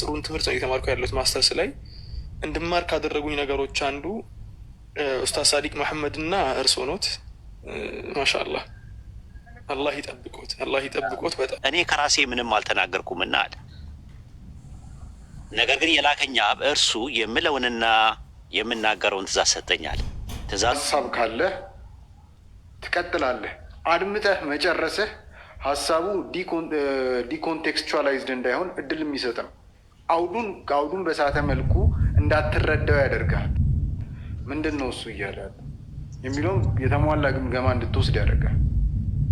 ጽሩን ትምህርት ነው የተማርኩ ያለሁት ማስተርስ ላይ እንድማር ካደረጉኝ ነገሮች አንዱ ኡስታዝ ሳዲቅ መሐመድ እና እርስዎ ኖት። ማሻአላህ አላህ ይጠብቆት፣ አላህ ይጠብቆት። በጣም እኔ ከራሴ ምንም አልተናገርኩም እና አለ ነገር ግን የላከኝ አብ እርሱ የምለውንና የምናገረውን ትእዛዝ ሰጠኛል። ትእዛዝ ሀሳብ ካለ ትቀጥላለህ። አድምጠህ መጨረስህ ሀሳቡ ዲኮንቴክስቹዋላይዝድ እንዳይሆን እድል የሚሰጥ ነው። አውዱን ከአውዱን በሳተ መልኩ እንዳትረዳው ያደርጋል። ምንድን ነው እሱ እያለ የሚለውም የተሟላ ግምገማ እንድትወስድ ያደርጋል።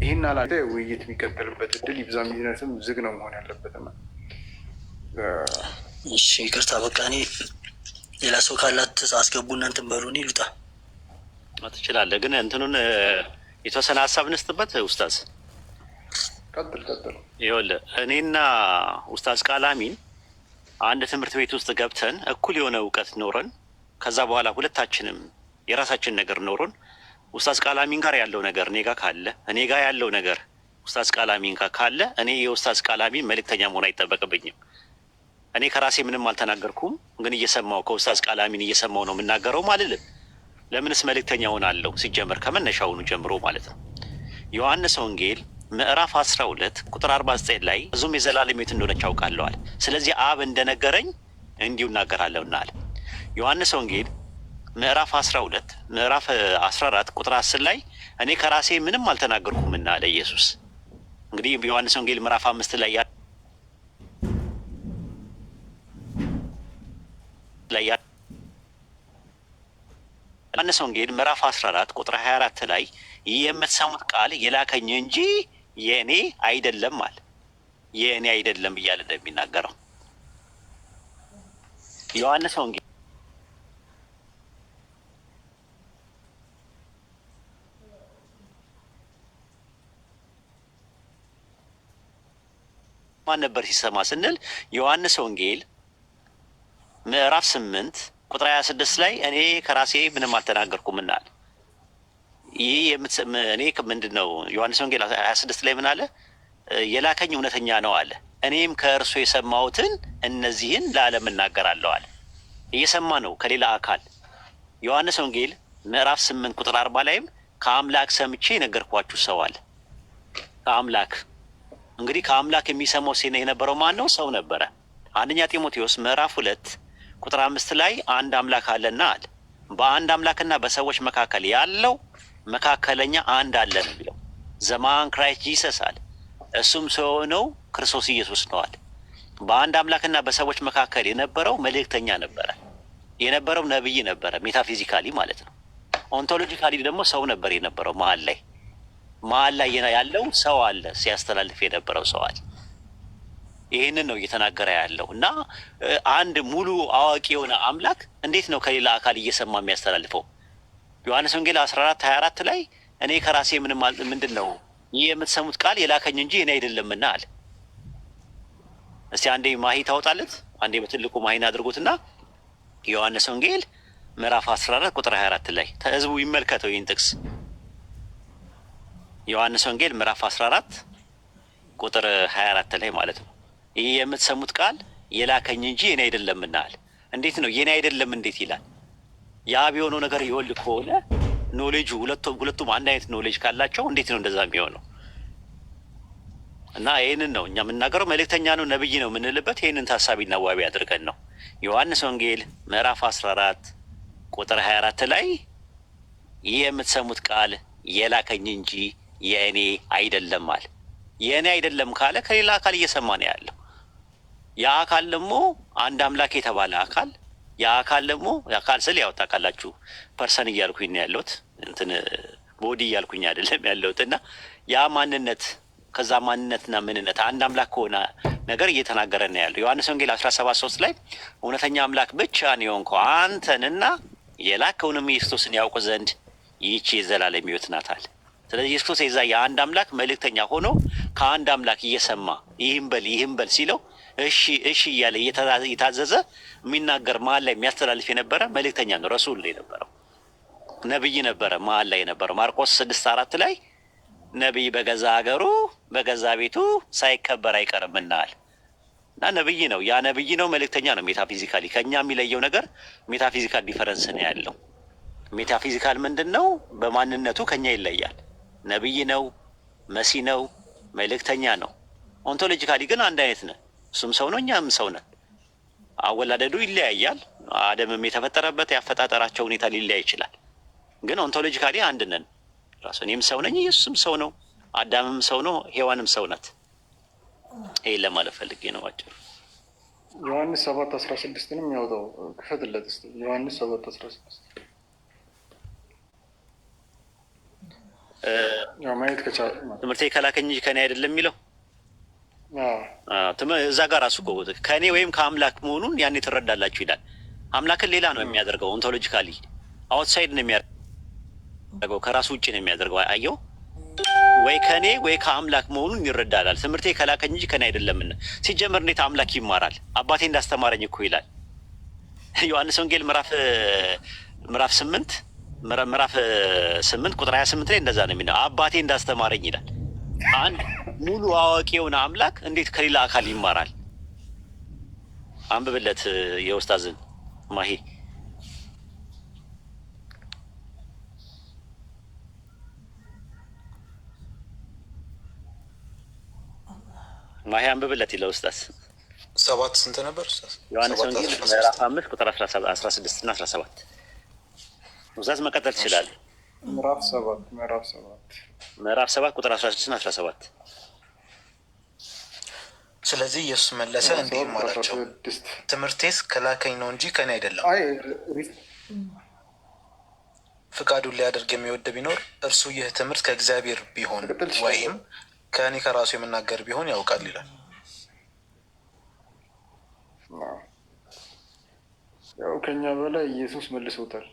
ይህን አላ ውይይት የሚቀጥልበት እድል ይብዛ። ቢዝነስም ዝግ ነው መሆን ያለበት። እሺ ይቅርታ፣ በቃ እኔ ሌላ ሰው ካላት አስገቡ እናንትን በሉ። ይሉጣ ልውጣ። ትችላለህ፣ ግን እንትኑን የተወሰነ ሀሳብ እንስጥበት። ውስታዝ ቀጥል ቀጥል። ይኸውልህ እኔና ውስታዝ ቃላሚን አንድ ትምህርት ቤት ውስጥ ገብተን እኩል የሆነ እውቀት ኖረን ከዛ በኋላ ሁለታችንም የራሳችን ነገር ኖሮን ኡስታዝ ቃላሚን ጋር ያለው ነገር እኔ ጋር ካለ እኔ ጋር ያለው ነገር ኡስታዝ ቃላሚን ጋር ካለ እኔ የኡስታዝ ቃላሚን መልእክተኛ መሆን አይጠበቅብኝም። እኔ ከራሴ ምንም አልተናገርኩም፣ ግን እየሰማው ከኡስታዝ ቃላሚን እየሰማው ነው የምናገረውም አልልም። ለምንስ መልእክተኛ ሆናለሁ? ሲጀመር ከመነሻውኑ ጀምሮ ማለት ነው። ዮሐንስ ወንጌል ምዕራፍ 12 ቁጥር 49 ላይ ብዙም የዘላለም ሕይወት እንደሆነች አውቃለዋል፣ ስለዚህ አብ እንደነገረኝ እንዲሁ እናገራለሁና አለ። ዮሐንስ ወንጌል ምዕራፍ 12 ምዕራፍ 14 ቁጥር 10 ላይ እኔ ከራሴ ምንም አልተናገርኩምና አለ ኢየሱስ። እንግዲህ ዮሐንስ ወንጌል ምዕራፍ 5 ላይ ዮሐንስ ወንጌል ምዕራፍ 14 ቁጥር 24 ላይ ይህ የምትሰሙት ቃል የላከኝ እንጂ የእኔ አይደለም አለ። የእኔ አይደለም እያለ ነው የሚናገረው ዮሐንስ ወንጌል ማን ነበር ሲሰማ ስንል ዮሐንስ ወንጌል ምዕራፍ ስምንት ቁጥር ሀያ ስድስት ላይ እኔ ከራሴ ምንም አልተናገርኩም እናል ይህ እኔ ምንድን ነው ዮሐንስ ወንጌል ሀያ ስድስት ላይ ምን አለ? የላከኝ እውነተኛ ነው አለ። እኔም ከእርሱ የሰማሁትን እነዚህን ለዓለም እናገራለሁ አለ። እየሰማ ነው ከሌላ አካል። ዮሐንስ ወንጌል ምዕራፍ ስምንት ቁጥር አርባ ላይም ከአምላክ ሰምቼ የነገርኳችሁ ሰው አለ። ከአምላክ እንግዲህ ከአምላክ የሚሰማው ሲነ የነበረው ማን ነው? ሰው ነበረ። አንደኛ ጢሞቴዎስ ምዕራፍ ሁለት ቁጥር አምስት ላይ አንድ አምላክ አለና አለ በአንድ አምላክና በሰዎች መካከል ያለው መካከለኛ አንድ አለ ነው የሚለው። ዘማን ክራይስት ጂሰስ አለ። እሱም ሰው የሆነው ክርስቶስ ኢየሱስ ነው አለ። በአንድ አምላክና በሰዎች መካከል የነበረው መልእክተኛ ነበረ፣ የነበረው ነብይ ነበረ፣ ሜታፊዚካሊ ማለት ነው። ኦንቶሎጂካሊ ደግሞ ሰው ነበር የነበረው። መሀል ላይ መሀል ላይ ያለው ሰው አለ፣ ሲያስተላልፍ የነበረው ሰው አለ። ይህንን ነው እየተናገረ ያለው እና አንድ ሙሉ አዋቂ የሆነ አምላክ እንዴት ነው ከሌላ አካል እየሰማ የሚያስተላልፈው? ዮሐንስ ወንጌል 14 24 ላይ እኔ ከራሴ ምንም ምንድን ነው ይህ የምትሰሙት ቃል የላከኝ እንጂ እኔ አይደለምና አለ። እስቲ አንዴ ማሂ ታወጣለት፣ አንዴ በትልቁ ማሂን አድርጉትና ዮሐንስ ወንጌል ምዕራፍ 14 ቁጥር 24 ላይ ህዝቡ ይመልከተው ይህን ጥቅስ። ዮሐንስ ወንጌል ምዕራፍ 14 ቁጥር 24 ላይ ማለት ነው። ይህ የምትሰሙት ቃል የላከኝ እንጂ የኔ አይደለምና አለ። እንዴት ነው የኔ አይደለም እንዴት ይላል? ያ የሆነው ነገር ይወል ከሆነ ኖሌጁ ሁለቱም አንድ አይነት ኖሌጅ ካላቸው እንዴት ነው እንደዛ የሚሆነው? እና ይህንን ነው እኛ የምናገረው። መልእክተኛ ነው ነብይ ነው የምንልበት ይህንን ታሳቢና ዋቢ አድርገን ነው። ዮሐንስ ወንጌል ምዕራፍ 14 ቁጥር 24 ላይ ይህ የምትሰሙት ቃል የላከኝ እንጂ የእኔ አይደለም አለ። የእኔ አይደለም ካለ ከሌላ አካል እየሰማ ነው ያለው። ያ አካል ደግሞ አንድ አምላክ የተባለ አካል የአካል ደግሞ የአካል ስል ያው ታውቃላችሁ ፐርሰን እያልኩኝ ነው ያለሁት እንትን ቦዲ እያልኩኝ አይደለም ያለሁት እና ያ ማንነት ከዛ ማንነትና ምንነት አንድ አምላክ ከሆነ ነገር እየተናገረ ነው ያለው ዮሐንስ ወንጌል አስራ ሰባት ሶስት ላይ እውነተኛ አምላክ ብቻ ነው የሆንከው አንተንና የላከውንም ኢየሱስን ያውቁ ዘንድ ይቺ የዘላለም ሕይወት ናታል። ስለዚህ ኢየሱስ የዛ የአንድ አምላክ መልእክተኛ ሆኖ ከአንድ አምላክ እየሰማ ይህም በል ይህም በል ሲለው እሺ እሺ እያለ እየታዘዘ የሚናገር መሀል ላይ የሚያስተላልፍ የነበረ መልእክተኛ ነው። ረሱል ነው የነበረው፣ ነብይ ነበረ፣ መሀል ላይ ነበረ። ማርቆስ ስድስት አራት ላይ ነቢይ በገዛ ሀገሩ በገዛ ቤቱ ሳይከበር አይቀርምናል እና ነብይ ነው። ያ ነብይ ነው፣ መልእክተኛ ነው። ሜታፊዚካሊ ከእኛ የሚለየው ነገር ሜታፊዚካል ዲፈረንስ ነው ያለው። ሜታፊዚካል ምንድን ነው? በማንነቱ ከኛ ይለያል። ነብይ ነው፣ መሲ ነው፣ መልእክተኛ ነው። ኦንቶሎጂካሊ ግን አንድ አይነት ነን። እሱም ሰው ነው፣ እኛም ሰው ነን። አወላደዱ ይለያያል። አደምም የተፈጠረበት ያፈጣጠራቸው ሁኔታ ሊለያይ ይችላል። ግን ኦንቶሎጂካሊ አንድ ነን። ራሱ እኔም ሰው ነኝ፣ ኢየሱስም ሰው ነው፣ አዳምም ሰው ነው፣ ሔዋንም ሰው ናት። ይህን ለማለት ፈልጌ ነው አጭሩ። ዮሐንስ ሰባት አስራ ስድስትንም ያውጣው ክፈትለት ስ ዮሐንስ ሰባት አስራ ስድስት ማየት ከቻሉ ትምህርት ከላከኝ ከኔ አይደለም የሚለው እዛ ጋር ራሱ ከእኔ ወይም ከአምላክ መሆኑን ያኔ ትረዳላችሁ ይላል። አምላክን ሌላ ነው የሚያደርገው። ኦንቶሎጂካሊ አውትሳይድ ነው የሚያደርገው፣ ከራሱ ውጭ ነው የሚያደርገው። አየው ወይ ከእኔ ወይ ከአምላክ መሆኑን ይረዳላል። ትምህርቴ ከላከኝ እንጂ ከኔ አይደለምን። ሲጀመር እንዴት አምላክ ይማራል? አባቴ እንዳስተማረኝ እኮ ይላል ዮሐንስ ወንጌል ምዕራፍ ምዕራፍ ስምንት ምዕራፍ ስምንት ቁጥር ሀያ ስምንት ላይ እንደዛ ነው የሚለው አባቴ እንዳስተማረኝ ይላል። አንድ ሙሉ አዋቂ የሆነ አምላክ እንዴት ከሌላ አካል ይማራል? አንብብለት የውስታዝን ማሂ ማሂ አንብብለት ይለ ውስታዝ ሰባት ስንት ነበር ዮሐንስ ወንጌል ምዕራፍ አምስት ቁጥር አስራ ስድስት እና አስራ ሰባት ውስታዝ መቀጠል ትችላለህ። ምዕራፍ ሰባት ምዕራፍ ሰባት ምዕራፍ ሰባት ቁጥር አስራ ስድስት አስራ ሰባት ስለዚህ ኢየሱስ መለሰ እንዲህም አላቸው፣ ትምህርቴስ ከላከኝ ነው እንጂ ከኔ አይደለም። ፍቃዱን ሊያደርግ የሚወድ ቢኖር እርሱ ይህ ትምህርት ከእግዚአብሔር ቢሆን ወይም ከእኔ ከራሱ የምናገር ቢሆን ያውቃል ይላል። ያው ከኛ በላይ ኢየሱስ መልሶታል።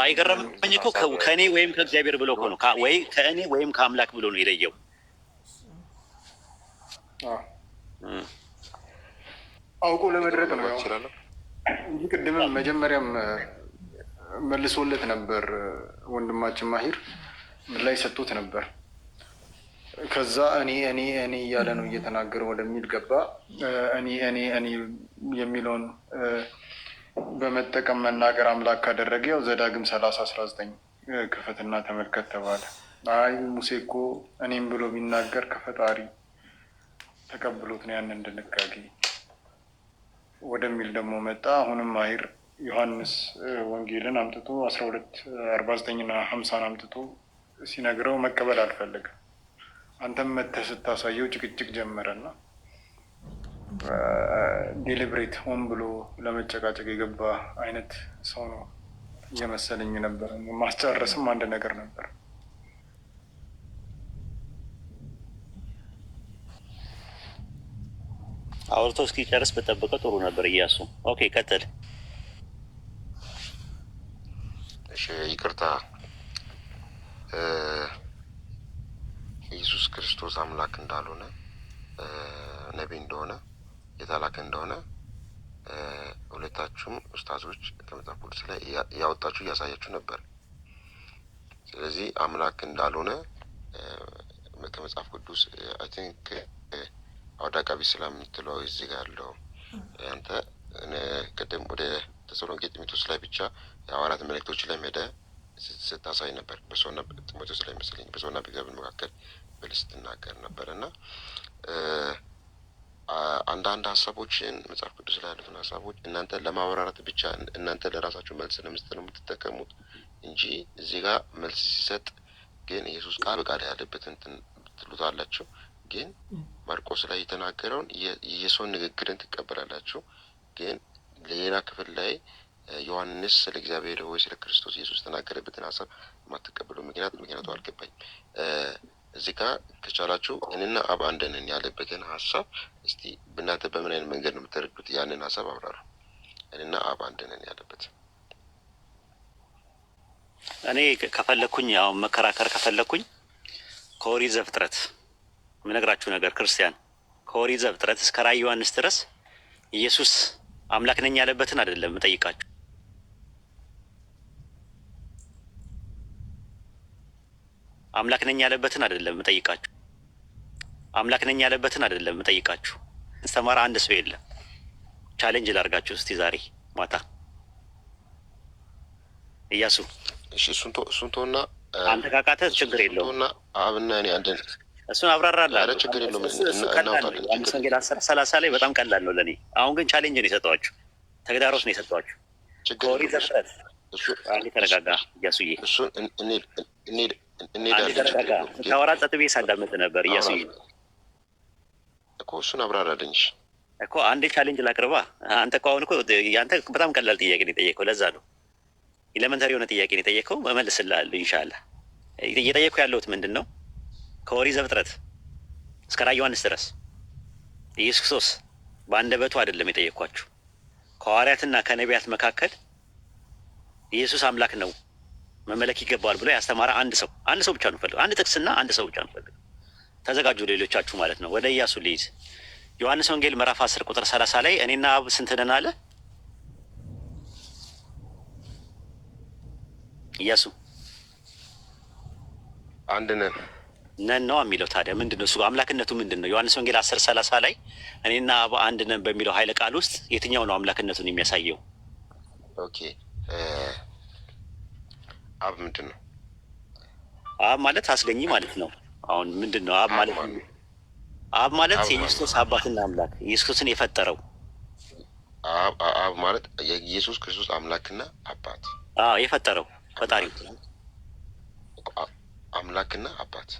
አይገረመኝ እኮ ከእኔ ወይም ከእግዚአብሔር ብሎ ነው ወይ ከእኔ ወይም ከአምላክ ብሎ ነው የለየው። አውቆ ለመድረቅ ነው እንጂ ቅድምም መጀመሪያም መልሶለት ነበር ወንድማችን ማሂር ላይ ሰጥቶት ነበር። ከዛ እኔ እኔ እኔ እያለ ነው እየተናገረ ወደሚል ገባ። እኔ እኔ እኔ የሚለውን በመጠቀም መናገር አምላክ ካደረገ ያው ዘዳግም ሰላሳ አስራ ዘጠኝ ክፈትና ተመልከት ተባለ። አይ ሙሴ እኮ እኔም ብሎ ቢናገር ከፈጣሪ ተቀብሎት ነው ያንን ድንጋጌ ወደሚል ደግሞ መጣ። አሁንም አሂር ዮሐንስ ወንጌልን አምጥቶ አስራ ሁለት አርባ ዘጠኝና ሀምሳን አምጥቶ ሲነግረው መቀበል አልፈልግም። አንተም መተህ ስታሳየው ጭቅጭቅ ጀመረና ዴሊብሬት ሆን ብሎ ለመጨቃጨቅ የገባ አይነት ሰው ነው እየመሰለኝ ነበር። ማስጨረስም አንድ ነገር ነበር። አውርቶ እስኪጨርስ በጠበቀ ጥሩ ነበር። እያሱ ኦኬ፣ ቀጥል። እሺ፣ ይቅርታ። ኢየሱስ ክርስቶስ አምላክ እንዳልሆነ ነቢይ እንደሆነ የተላከ እንደሆነ ሁለታችሁም ኡስታዞች ከመጽሐፍ ቅዱስ ላይ እያወጣችሁ እያሳያችሁ ነበር። ስለዚህ አምላክ እንዳልሆነ ከመጽሐፍ ቅዱስ አይ ቲንክ አውደ ዓቃቤ የምትለው እዚህ ጋር ያለው አንተ ቅድም ወደ ተሰሎንቄ ጢሞቴዎስ ላይ ብቻ የሐዋርያት መልእክቶች ላይ ሄደ ስታሳይ ነበር። በሰውና ጢሞቴዎስ ላይ መሰለኝ በሰውና በእግዚአብሔር መካከል ብል ስትናገር ነበር እና አንዳንድ ሀሳቦችን መጽሐፍ ቅዱስ ላይ ያሉትን ሀሳቦች እናንተ ለማብራራት ብቻ እናንተ ለራሳችሁ መልስ ለመስጠት ነው የምትጠቀሙት እንጂ እዚህ ጋር መልስ ሲሰጥ ግን ኢየሱስ ቃል በቃል ያለበት እንትን ትሉታላችሁ። ግን ማርቆስ ላይ የተናገረውን የሰውን ንግግርን ትቀበላላችሁ። ግን ሌላ ክፍል ላይ ዮሐንስ ስለ እግዚአብሔር ወይ ስለ ክርስቶስ ኢየሱስ የተናገረበትን ሀሳብ የማትቀበሉ ምክንያት ምክንያቱ አልገባኝም። እዚህ ጋ ከቻላችሁ እኔና አብ አንድ ነን ያለበትን ሀሳብ እስቲ እናንተ በምን አይነት መንገድ ነው የምትረዱት? ያንን ሀሳብ አብራሩ። እኔና አብ አንድ ነን ያለበት እኔ ከፈለግኩኝ ያው መከራከር ከፈለግኩኝ ከኦሪት ዘፍጥረት የምነግራችሁ ነገር ክርስቲያን ከኦሪት ዘፍጥረት እስከ ራዕየ ዮሐንስ ድረስ ኢየሱስ አምላክ ነኝ ያለበትን አይደለም የምጠይቃችሁ አምላክ ነኝ ያለበትን አይደለም እጠይቃችሁ። አምላክ ነኝ ያለበትን አይደለም እጠይቃችሁ። ስተማራ አንድ ሰው የለም። ቻሌንጅ ላርጋችሁ እስቲ ዛሬ ማታ እያሱ እሱን ተውና አንተ ካቃተ ችግር የለውም። አብና እኔ አንድን እሱን አብራራለሁ። ችግር የለውም። አምስት ወንጌል አስር ሰላሳ ላይ በጣም ቀላል ነው ለእኔ። አሁን ግን ቻሌንጅ ነው የሰጠኋችሁ፣ ተግዳሮት ነው የሰጠኋችሁ። ተረጋጋ ዘፍጥረት ተረጋጋ እያሱዬ ታወራ ጸጥ ሳዳመጥ ነበር እያሱ እኮ እሱን አብራራልኝ እኮ አንድ ቻሌንጅ ላቅርባ። አንተ እኮ አሁን እኮ አንተ በጣም ቀላል ጥያቄ ነው የጠየቀው። ለዛ ነው የሆነ ጥያቄ ነው የጠየቀው። እመልስልሃለሁ ኢንሻላህ። እየጠየቅኩ ያለሁት ምንድን ነው ከኦሪት ዘፍጥረት እስከ ራዕየ ዮሐንስ ድረስ ኢየሱስ ክርስቶስ በአንደበቱ አይደለም የጠየቅኳችሁ ከሐዋርያትና ከነቢያት መካከል ኢየሱስ አምላክ ነው መመለክ ይገባዋል ብሎ ያስተማረ አንድ ሰው አንድ ሰው ብቻ ነው ፈልገው። አንድ ጥቅስና አንድ ሰው ብቻ ነው ፈልገው። ተዘጋጁ ሌሎቻችሁ ማለት ነው። ወደ እያሱ ልይዝ። ዮሐንስ ወንጌል ምዕራፍ አስር ቁጥር ሰላሳ ላይ እኔና አብ ስንት ነን አለ እያሱ። አንድ ነን ነን ነው የሚለው። ታዲያ ምንድን ነው እሱ አምላክነቱ ምንድን ነው? ዮሐንስ ወንጌል አስር ሰላሳ ላይ እኔና አብ አንድ ነን በሚለው ኃይለ ቃል ውስጥ የትኛው ነው አምላክነቱን የሚያሳየው? ኦኬ አብ ምንድን ነው? አብ ማለት አስገኝ ማለት ነው። አሁን ምንድን ነው አብ ማለት? አብ ማለት የኢየሱስ አባትና አምላክ ኢየሱስን የፈጠረው አብ ማለት የኢየሱስ ክርስቶስ አምላክና አባት የፈጠረው ፈጣሪ አምላክና አባት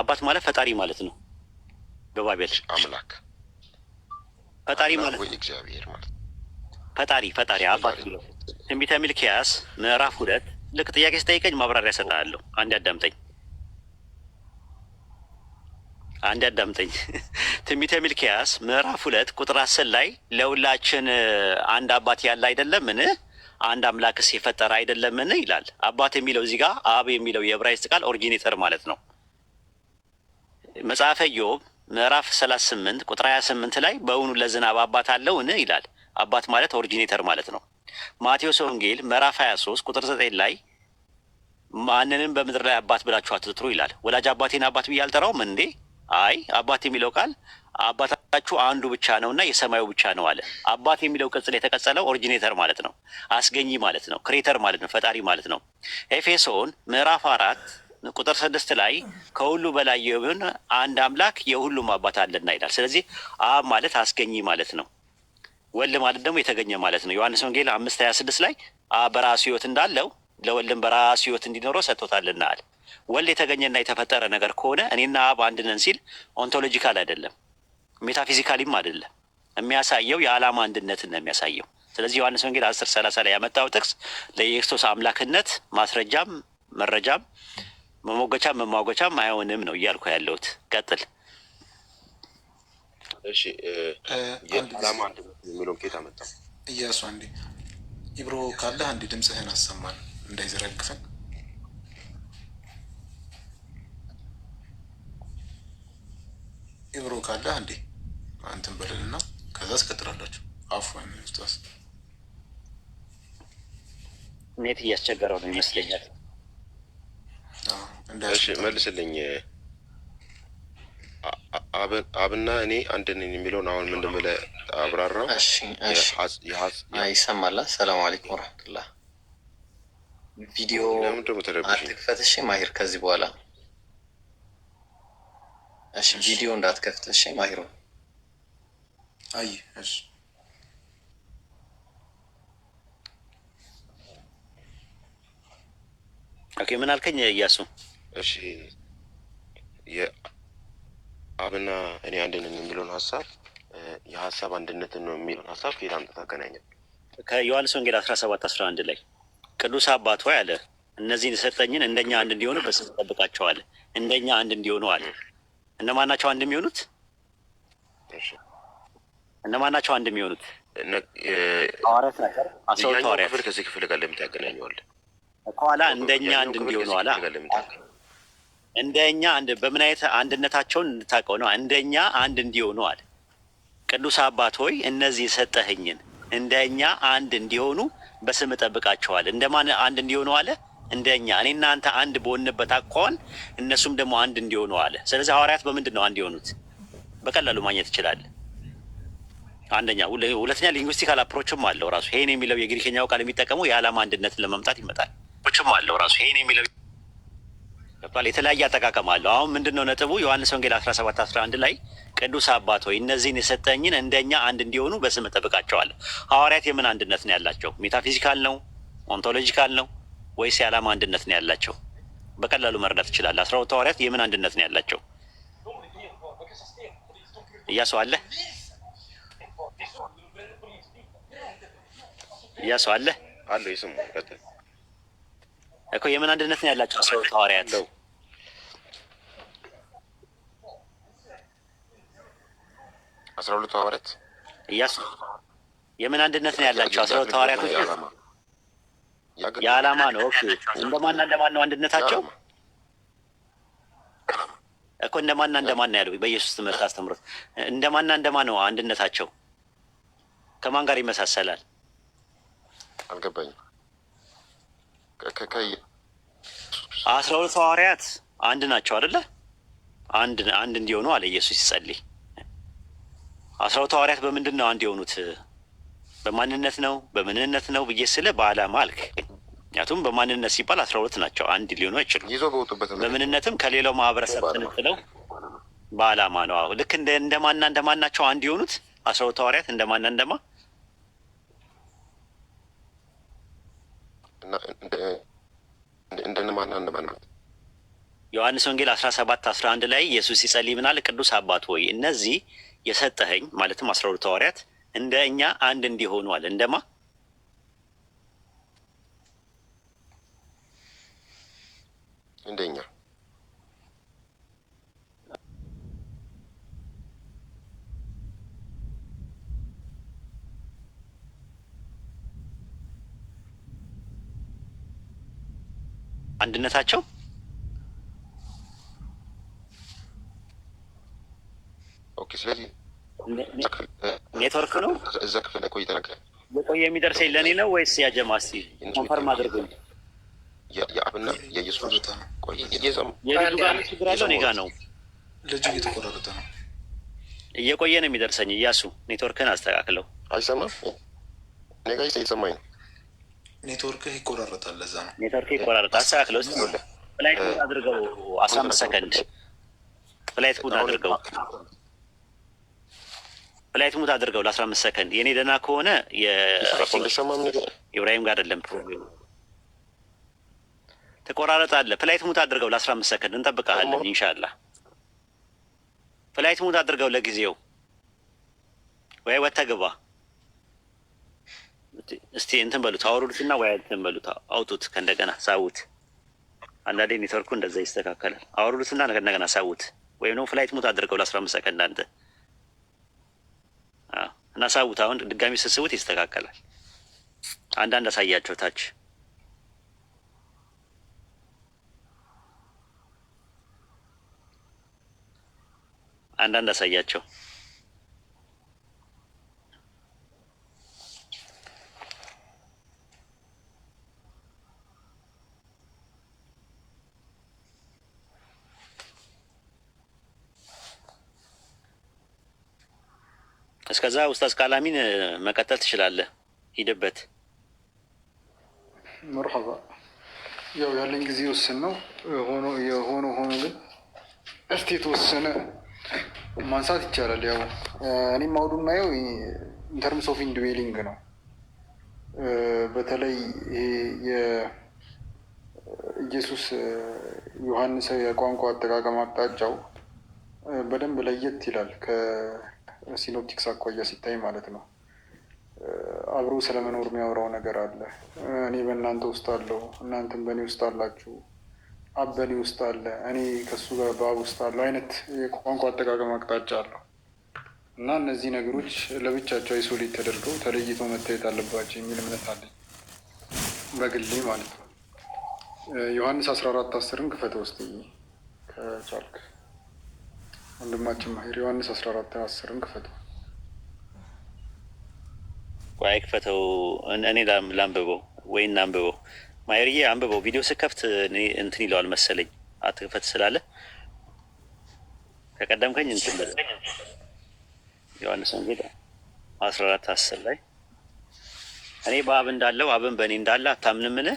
አባት ማለት ፈጣሪ ማለት ነው። በባቢል አምላክ ፈጣሪ ማለት ነው። እግዚአብሔር ማለት ፈጣሪ ፈጣሪ አባት ትንቢተ ሚልክያስ ምዕራፍ ሁለት ልክ ጥያቄ ስጠይቀኝ ማብራሪያ ሰጣለሁ። አንድ አዳምጠኝ፣ አንድ አዳምጠኝ። ትንቢተ ሚልክያስ ምዕራፍ ሁለት ቁጥር አስር ላይ ለሁላችን አንድ አባት ያለ አይደለምን? አንድ አምላክስ የፈጠረ አይደለምን? ይላል። አባት የሚለው እዚህ ጋር አብ የሚለው የዕብራይስጥ ቃል ኦሪጂኔተር ማለት ነው። መጽሐፈ ኢዮብ ምዕራፍ 38 ቁጥር 28 ላይ በእውኑ ለዝናብ አባት አለውን? ይላል። አባት ማለት ኦሪጂኔተር ማለት ነው። ማቴዎስ ወንጌል ምዕራፍ 23 ቁጥር 9 ላይ ማንንም በምድር ላይ አባት ብላችሁ አትጥሩ ይላል። ወላጅ አባቴን አባት ብዬ አልጠራውም እንዴ? አይ አባት የሚለው ቃል አባታችሁ አንዱ ብቻ ነውና የሰማዩ ብቻ ነው አለ። አባት የሚለው ቅጽል የተቀጸለው ኦሪጂኔተር ማለት ነው፣ አስገኚ ማለት ነው፣ ክሬተር ማለት ነው፣ ፈጣሪ ማለት ነው። ኤፌሶን ምዕራፍ አራት ቁጥር ስድስት ላይ ከሁሉ በላይ የሆነ አንድ አምላክ የሁሉም አባት አለና ይላል። ስለዚህ አብ ማለት አስገኚ ማለት ነው። ወልድ ማለት ደግሞ የተገኘ ማለት ነው። ዮሐንስ ወንጌል አምስት ሀያ ስድስት ላይ በራሱ ህይወት እንዳለው ለወልድም በራሱ ህይወት እንዲኖረው ሰጥቶታልና አለ። ወልድ የተገኘና የተፈጠረ ነገር ከሆነ እኔና አብ አንድ ነን ሲል ኦንቶሎጂካል አይደለም፣ ሜታፊዚካሊም አይደለም። የሚያሳየው የዓላማ አንድነትን ነው የሚያሳየው። ስለዚህ ዮሐንስ ወንጌል አስር ሰላሳ ላይ ያመጣው ጥቅስ ለየክርስቶስ አምላክነት ማስረጃም መረጃም መሞገቻም መሟገቻም አይሆንም ነው እያልኩ ያለሁት። ቀጥል እሺ የዓላማ አንድ የሚለውን ኬት አመጣ? እያሱ አንዴ ኢብሮ ካለህ አንዴ ድምፅህን አሰማን እንዳይዘረግፈን። ኢብሮ ካለህ አንዴ አንተን በልልና ከዛ አስቀጥላላችሁ። አፉ ስታስ ኔት እያስቸገረው ነው ይመስለኛል። መልስልኝ አብና እኔ አንድንን የሚለውን አሁን ምን ብለ አብራራው። ይሰማላ። ሰላም አለይኩም ረመቱላ። ቪዲዮ አትክፈትሽ ማሂር፣ ከዚህ በኋላ እሺ፣ ቪዲዮ እንዳትከፍትሽ ማሂር። አይ እሺ ኦኬ። ምን አልከኝ እያሱ? እሺ አብና እኔ አንድ ነን የሚለውን ሀሳብ የሀሳብ አንድነትን ነው የሚለውን ሀሳብ ከየት አምጥታ አገናኛል? ከዮሐንስ ወንጌል አስራ ሰባት አስራ አንድ ላይ ቅዱስ አባት ሆይ አለ እነዚህን የሰጠኝን እንደኛ አንድ እንዲሆኑ በስም ጠብቃቸው አለ። እንደኛ አንድ እንዲሆኑ አለ። እነማን ናቸው አንድ የሚሆኑት? እነማን ናቸው አንድ የሚሆኑት? ሐዋርያት ናቸው። አስራ ሁለት ሐዋርያት ከዚህ ክፍል ጋር ለምን ከኋላ እንደኛ አንድ እንዲሆኑ አላ እንደኛ አንድ በምን አይነት አንድነታቸውን እንድታውቀው ነው፣ እንደኛ አንድ እንዲሆኑ አለ። ቅዱስ አባት ሆይ እነዚህ የሰጠህኝን እንደኛ አንድ እንዲሆኑ በስም እጠብቃቸዋል። እንደማን አንድ እንዲሆኑ አለ? እንደኛ እኔ እናንተ አንድ በሆንበት አኳኋን እነሱም ደግሞ አንድ እንዲሆኑ አለ። ስለዚህ ሐዋርያት በምንድን ነው አንድ የሆኑት? በቀላሉ ማግኘት ይችላል። አንደኛ ሁለተኛ፣ ሊንጉስቲካል አፕሮችም አለው ራሱ። ይሄን የሚለው የግሪከኛው ቃል የሚጠቀመው የዓላማ አንድነትን ለመምጣት ይመጣል። ችም አለው ራሱ ይሄን የሚለው ገብቷል። የተለያየ አጠቃቀም አለው። አሁን ምንድነው ነጥቡ? ዮሐንስ ወንጌል 17 11 ላይ ቅዱስ አባት ሆይ እነዚህን የሰጠኝን እንደኛ አንድ እንዲሆኑ በስም ጠብቃቸዋለሁ። ሐዋርያት የምን አንድነት ነው ያላቸው? ሜታፊዚካል ነው? ኦንቶሎጂካል ነው? ወይስ የዓላማ አንድነት ነው ያላቸው? በቀላሉ መረዳት ይችላል። አስራ ሁለቱ ሐዋርያት የምን አንድነት ነው ያላቸው? እያሱ አለ እያሱ አለ አለ እኮ የምን አንድነት ነው ያላቸው ሰው ሐዋርያት አስራ ሁለቱ ሐዋርያት እያሱ የምን አንድነት ነው ያላቸው? አስራ ሁለቱ ሐዋርያቶች የዓላማ ነው። ኦኬ እንደማና እንደማን ነው አንድነታቸው? እኮ እንደማና እንደማን ነው ያለው በኢየሱስ ትምህርት አስተምሮት፣ እንደማና እንደማን ነው አንድነታቸው? ከማን ጋር ይመሳሰላል? አልገባኝም። አስራ ሁለት ሐዋርያት አንድ ናቸው አደለ? አንድ አንድ እንዲሆኑ አለ ኢየሱስ ሲጸልይ። አስራ ሁለት ሐዋርያት በምንድን ነው አንድ የሆኑት? በማንነት ነው በምንነት ነው ብዬ ስለ በአላማ አልክ። ምክንያቱም በማንነት ሲባል አስራ ሁለት ናቸው፣ አንድ ሊሆኑ አይችሉም። በምንነትም ከሌላው ማህበረሰብ ተነጥለው በአላማ ነው። ልክ እንደማና እንደማን ናቸው አንድ የሆኑት አስራ ሁለት ሐዋርያት እንደማና እንደማ እንመናት ዮሐንስ ወንጌል አስራ ሰባት አስራ አንድ ላይ ኢየሱስ ሲጸልይ ምናል ቅዱስ አባት ሆይ እነዚህ የሰጠኸኝ ማለትም አስራ ሁለቱ ሐዋርያት እንደ እኛ አንድ እንዲሆኑ አለ። እንደማ እንደኛ አንድነታቸው ኦኬ። ስለዚህ ኔትወርክ ነው እዛ ክፍል ላይ ቆይተ ነገር የቆየ የሚደርሰኝ ለእኔ ነው ወይስ ያጀማ? ስ ኮንፈርም አድርጉ። የአብና የኢየሱስ ቆይ የልጁ ጋር ችግር ያለው እኔ ጋ ነው። ልጁ እየተቆራረጠ ነው፣ እየቆየ ነው የሚደርሰኝ። እያሱ ኔትወርክን አስተካክለው። አይሰማም? እኔ ጋ እየሰማኝ ነው ኔትወርክህ ይቆራረጣል። ለዛ ነው ኔትወርክ ይቆራረጣል። አስተካክለው ስ ፍላይት ሙድ አድርገው አስራ አምስት ሰከንድ ፍላይት ሙድ አድርገው ፍላይት ሙድ አድርገው ለአስራ አምስት ሰከንድ የእኔ ደህና ከሆነ የኢብራሂም ጋር አይደለም ፕሮብሌሙ። ትቆራረጣለህ። ፍላይት ሙድ አድርገው ለአስራ አምስት ሰከንድ እንጠብቃለን። ኢንሻላ ፍላይት ሙድ አድርገው ለጊዜው ወይ ወተግባ እስቲ እንትን በሉት አውሩሉት እና ወይ እንትን በሉት አውጡት፣ ከእንደገና ሳውት አንዳንዴ ኔትወርኩ እንደዛ ይስተካከላል። አውሩሉት እና ከእንደገና ሳውት ወይም ደግሞ ፍላይት ሙት አድርገው ለአስራ አምስት ሰከንድ አንተ እና ሳውት አሁን ድጋሚ ስስቡት ይስተካከላል። አንዳንድ አሳያቸው ታች አንዳንድ አሳያቸው እስከዛ ኡስታዝ ካላሚን መቀጠል ትችላለህ። ሂድበት። መርሐባ። ያው ያለኝ ጊዜ ውስን ነው። ሆኖ የሆኖ ሆኖ ግን እስቲ የተወሰነ ማንሳት ይቻላል። ያው እኔም አውዱ የማየው ኢንተርምስ ኦፍ ኢንድዌሊንግ ነው። በተለይ የኢየሱስ ዮሐንስ የቋንቋ አጠቃቀም አቅጣጫው በደንብ ለየት ይላል። ሲኖፕቲክስ አኳያ ሲታይ ማለት ነው። አብሮ ስለመኖር የሚያወራው ነገር አለ። እኔ በእናንተ ውስጥ አለው፣ እናንተም በእኔ ውስጥ አላችሁ፣ አብ በእኔ ውስጥ አለ፣ እኔ ከሱ ጋር በአብ ውስጥ አለው አይነት የቋንቋ አጠቃቀም አቅጣጫ አለው እና እነዚህ ነገሮች ለብቻቸው አይሶሌት ተደርገው ተለይቶ መታየት አለባቸው የሚል እምነት አለኝ በግሌ ማለት ነው። ዮሐንስ አስራ አራት አስርን ክፈተ ውስጥ ከቻልክ ወንድማችን ማሄር ዮሐንስ አስራ አራት አስርን ክፈተው። ቆይ ክፈተው፣ እኔ ላንብበው ወይ እናንብበው። ማሄርዬ አንብበው። ቪዲዮ ስከፍት እንትን ይለዋል መሰለኝ አትክፈት ስላለ ከቀደምከኝ እንትን ዮሐንስ ወንጌል አስራ አራት አስር ላይ እኔ በአብ እንዳለው አብን በእኔ እንዳለ አታምንምን?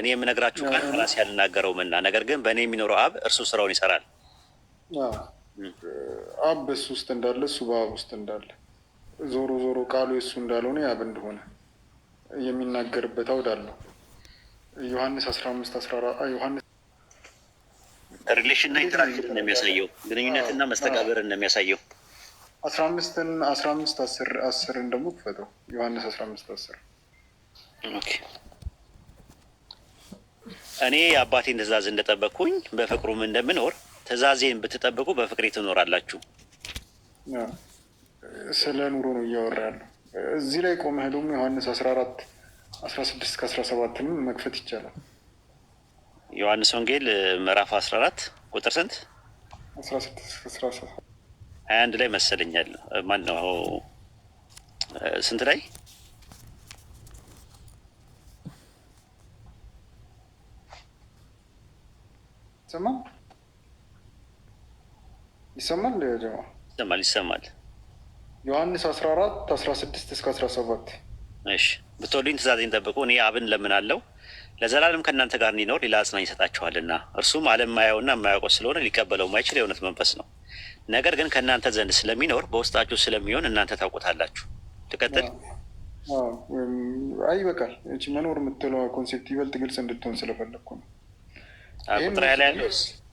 እኔ የምነግራችሁ ቃል ከራሴ ያልናገረውምና ነገር ግን በእኔ የሚኖረው አብ እርሱ ስራውን ይሰራል። አብ በሱ ውስጥ እንዳለ እሱ በአብ ውስጥ እንዳለ ዞሮ ዞሮ ቃሉ የሱ እንዳልሆነ የአብ እንደሆነ የሚናገርበት አውድ አለው። ዮሐንስ አስራ አምስት አስራ ዮሐንስ ሪሌሽንና ኢንተራክሽን ነው የሚያሳየው ግንኙነትና መስተጋበርን ነው የሚያሳየው። አስራ አምስትን አስራ አምስት አስር አስርን ደግሞ ክፈተው ዮሐንስ አስራ አምስት አስር እኔ የአባቴን ትእዛዝ እንደጠበቅኩኝ በፍቅሩም እንደምኖር ትእዛዜን ብትጠብቁ በፍቅሬ ትኖራላችሁ። ስለ ኑሮ ነው እያወራ ያለው። እዚህ ላይ ቆመህ ደግሞ ዮሐንስ አስራ አራት አስራ ስድስት ከአስራ ሰባትንም መክፈት ይቻላል። ዮሐንስ ወንጌል ምዕራፍ አስራ አራት ቁጥር ስንት አስራ ስድስት ከአስራ ሰባት ሀያ አንድ ላይ መሰለኛል። ማን ነው ስንት ላይ ሰማ ይሰማል ይሰማል ይሰማል። ዮሐንስ አስራ አራት አስራ ስድስት እስከ አስራ ሰባት እሺ ብትወዱኝ ትእዛዜን ጠብቁ። እኔ አብን ለምናለው ለዘላለም ከእናንተ ጋር እንዲኖር ሌላ አጽናኝ ይሰጣችኋልና እርሱም ዓለም ማያውና የማያውቀው ስለሆነ ሊቀበለው ማይችል የእውነት መንፈስ ነው። ነገር ግን ከእናንተ ዘንድ ስለሚኖር በውስጣችሁ ስለሚሆን እናንተ ታውቁታላችሁ። ትቀጥል። አይ ይበቃል። መኖር የምትለው ኮንሴፕት ይበልጥ ግልጽ እንድትሆን ስለፈለግኩ ነው። ቁጥር ያለ ያለው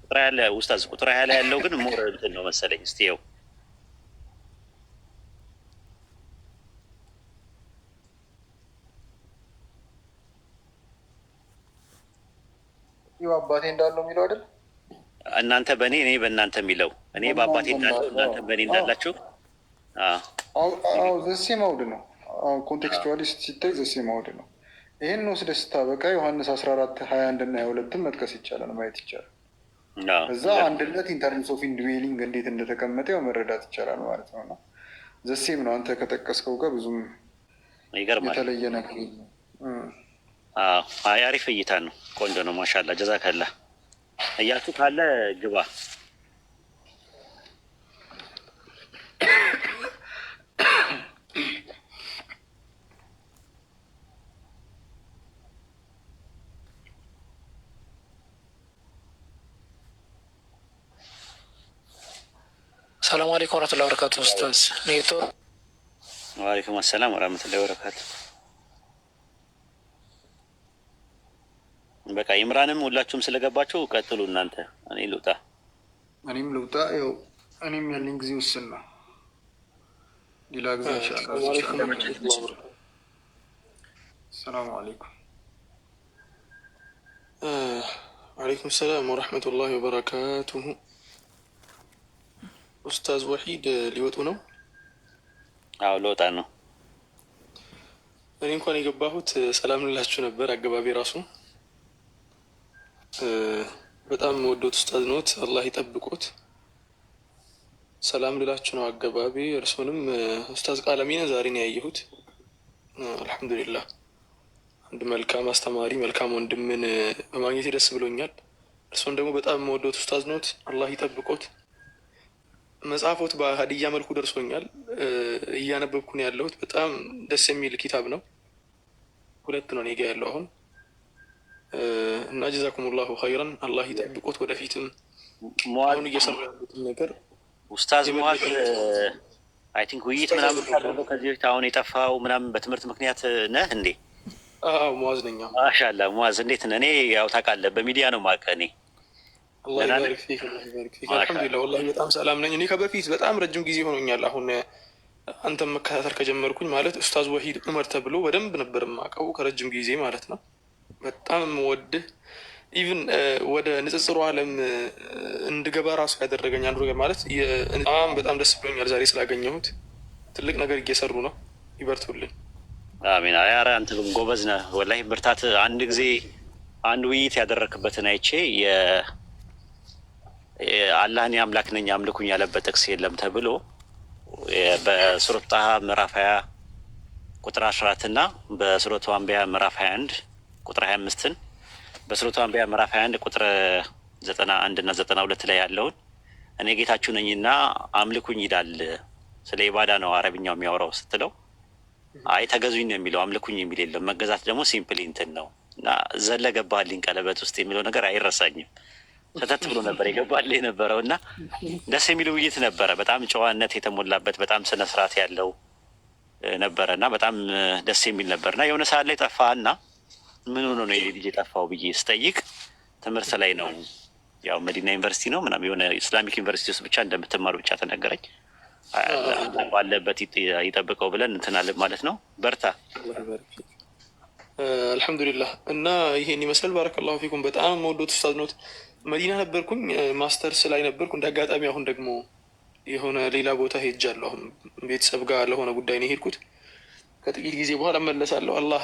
ቁጥር ያለ ውስታዝ ቁጥር ያለ ያለው ግን ሞር እንትን ነው መሰለኝ። እስቲ ው አባቴ እንዳለው የሚለው አይደል? እናንተ በእኔ እኔ በእናንተ የሚለው እኔ በአባቴ እንዳለው እናንተ በእኔ እንዳላችሁ ዘሴ ማውድ ነው። ኮንቴክስቹዋሊ ሲታይ ዘሴ ማውድ ነው። ይህን ወስደህ ስታበቃ ዮሐንስ አስራ አራት ሀያ አንድ እና ሀያ ሁለትን መጥቀስ ይቻላል፣ ማየት ይቻላል። እዛ አንድነት ኢንተርንስ ኦፍ ኢንዲቪሊንግ እንዴት እንደተቀመጠ ያው መረዳት ይቻላል ማለት ነው። እና ዘሴም ነው አንተ ከጠቀስከው ጋር ብዙም የተለየ ነገር አሪፍ እይታ ነው። ቆንጆ ነው። ማሻላ ጀዛከላ እያቱ ካለ ግባ ሰላሙ አለይኩም ወረህመቱላሂ ወበረካቱ። ኡስታዝ ኔቶ ወአለይኩም አሰላም ወረህመቱላሂ ወበረካቱ። በቃ ኢምራንም ሁላችሁም ስለገባችሁ ቀጥሉ እናንተ። እኔ ልውጣ እኔም ልውጣ። ያው እኔም ያለኝ ጊዜ ውስን ነው። ሌላ ጊዜ ሰላሙ አለይኩም አለይኩም ሰላም ወረህመቱላሂ ወበረካቱሁ ኡስታዝ ወሒድ ሊወጡ ነው? አዎ ለወጣ ነው። እኔ እንኳን የገባሁት ሰላም ልላችሁ ነበር። አገባቢ ራሱ በጣም ወዶት ኡስታዝ ኖት፣ አላህ ይጠብቁት። ሰላም ልላችሁ ነው አገባቢ። እርሱንም ኡስታዝ ቃለሚነ ዛሬ ነው ያየሁት። አልሐምዱሊላህ አንድ መልካም አስተማሪ መልካም ወንድምን በማግኘት ደስ ብሎኛል። እርሱን ደግሞ በጣም መወዶት ኡስታዝ ኖት፣ አላህ ይጠብቆት። መጽሐፎት በሀዲያ መልኩ ደርሶኛል። እያነበብኩ ነው ያለሁት። በጣም ደስ የሚል ኪታብ ነው። ሁለት ነው ኔጋ ያለው አሁን እና ጀዛኩሙላሁ ኸይረን አላህ ይጠብቆት። ወደፊትም አሁን እየሰራ ያሉትን ነገር ኡስታዝ መዋቅ አይ ቲንክ ውይይት ምናምን ካለ ከዚህ በፊት አሁን የጠፋው ምናምን በትምህርት ምክንያት ነህ እንዴ? ሙዋዝ ነኛ። ማሻላ ሙዋዝ እንዴት ነህ? እኔ ያው ታውቃለህ በሚዲያ ነው ማቀ እኔ አልሐምዱሊላህ ወላሂ በጣም ሰላም ነኝ። እኔ ከበፊት በጣም ረጅም ጊዜ ሆኖኛል። አሁን አንተም መከታተል ከጀመርኩኝ ማለት ኡስታዝ ወሂድ ዑመር ተብሎ በደንብ ነበር የማውቀው ከረጅም ጊዜ ማለት ነው። በጣም ወድህ ኢቭን ወደ ንጽጽሩ ዓለም እንድገባ ራሱ ያደረገኝ አንዱ ነገር ማለት በጣም በጣም ደስ ብሎኛል ዛሬ ስላገኘሁት። ትልቅ ነገር እየሰሩ ነው፣ ይበርቱልን። አሚን። አያራ አንተ ጎበዝ ነህ ወላሂ፣ ብርታት። አንድ ጊዜ አንድ ውይይት ያደረክበትን አይቼ አላህን የአምላክ ነኝ አምልኩኝ ያለበት ጥቅስ የለም ተብሎ በሱረት ምዕራፍ 20 ቁጥር 14 እና በሱረቱ አንቢያ ምዕራፍ 21 ቁጥር 25ን በሱረቱ አንቢያ ምዕራፍ 21 ቁጥር 91 እና 92 ላይ ያለውን እኔ ጌታችሁ ነኝና አምልኩኝ ይላል። ስለ ኢባዳ ነው አረብኛው የሚያወራው ስትለው አይ ተገዙኝ ነው የሚለው፣ አምልኩኝ የሚል የለም። መገዛት ደግሞ ሲምፕል እንትን ነው እና ዘለገባልኝ ቀለበት ውስጥ የሚለው ነገር አይረሳኝም። ሰተት ብሎ ነበር የገባል የነበረው እና ደስ የሚል ውይይት ነበረ። በጣም ጨዋነት የተሞላበት በጣም ስነስርዓት ያለው ነበረ እና በጣም ደስ የሚል ነበር እና የሆነ ሰዓት ላይ ጠፋ እና ምን ሆኖ ነው የልጅ የጠፋው ብዬ ስጠይቅ ትምህርት ላይ ነው ያው መዲና ዩኒቨርሲቲ ነው ምናም የሆነ ኢስላሚክ ዩኒቨርሲቲ ውስጥ ብቻ እንደምትማር ብቻ ተነገረኝ። ባለበት ይጠብቀው ብለን እንትናል ማለት ነው። በርታ አልሐምዱሊላህ። እና ይሄን ይመስል ባረከላሁ ፊኩም። በጣም መወዶት ስታዝኖት መዲና ነበርኩኝ፣ ማስተርስ ላይ ነበርኩ። እንደ አጋጣሚ አሁን ደግሞ የሆነ ሌላ ቦታ ሄጃለሁ። አሁን ቤተሰብ ጋር ለሆነ ጉዳይ ነው የሄድኩት። ከጥቂት ጊዜ በኋላ መለሳለሁ። አላህ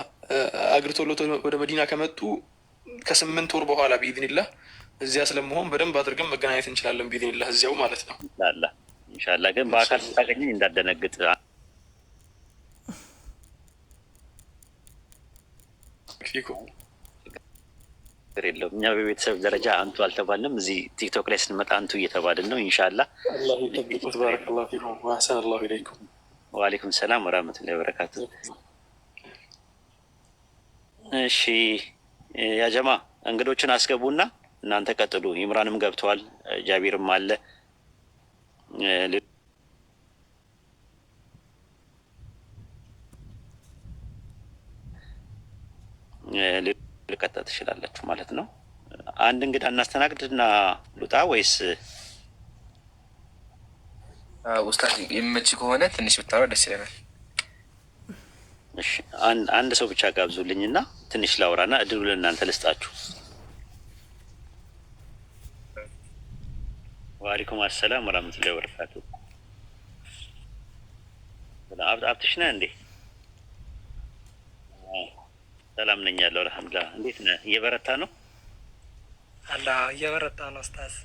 አግርቶሎት ወደ መዲና ከመጡ ከስምንት ወር በኋላ ቢድንላህ እዚያ ስለመሆን በደንብ አድርገን መገናኘት እንችላለን። ቢድንላህ እዚያው ማለት ነው ኢንሻላህ። ግን በአካል ስታገኘኝ እንዳደነግጥ ፊኩም ችግር የለውም። እኛ በቤተሰብ ደረጃ አንቱ አልተባልንም። እዚህ ቲክቶክ ላይ ስንመጣ አንቱ እየተባልን ነው። ኢንሻላ ዋሌኩም ሰላም ወራህመቱላሂ በረካቱ። እሺ ያጀማ እንግዶችን አስገቡና እናንተ ቀጥሉ። ይምራንም ገብተዋል፣ ጃቢርም አለ ልቀጣ ትችላላችሁ ማለት ነው። አንድ እንግዳ እናስተናግድ ሉጣ ወይስ ውስታት የሚመች ከሆነ ትንሽ ብታወራ ደስ ይለናል። አንድ ሰው ብቻ ጋብዙልኝ እና ትንሽ ላውራና እድሉ ለእናንተ ልስጣችሁ። ዋሊኩም አሰላም ወራህመቱላሂ ወበረካቱ። አብትሽና እንዴ ሰላም ነኝ ያለው። አልሐምዱሊላህ። እንዴት ነህ? እየበረታ ነው አላ እየበረታ ነው ኡስታዝ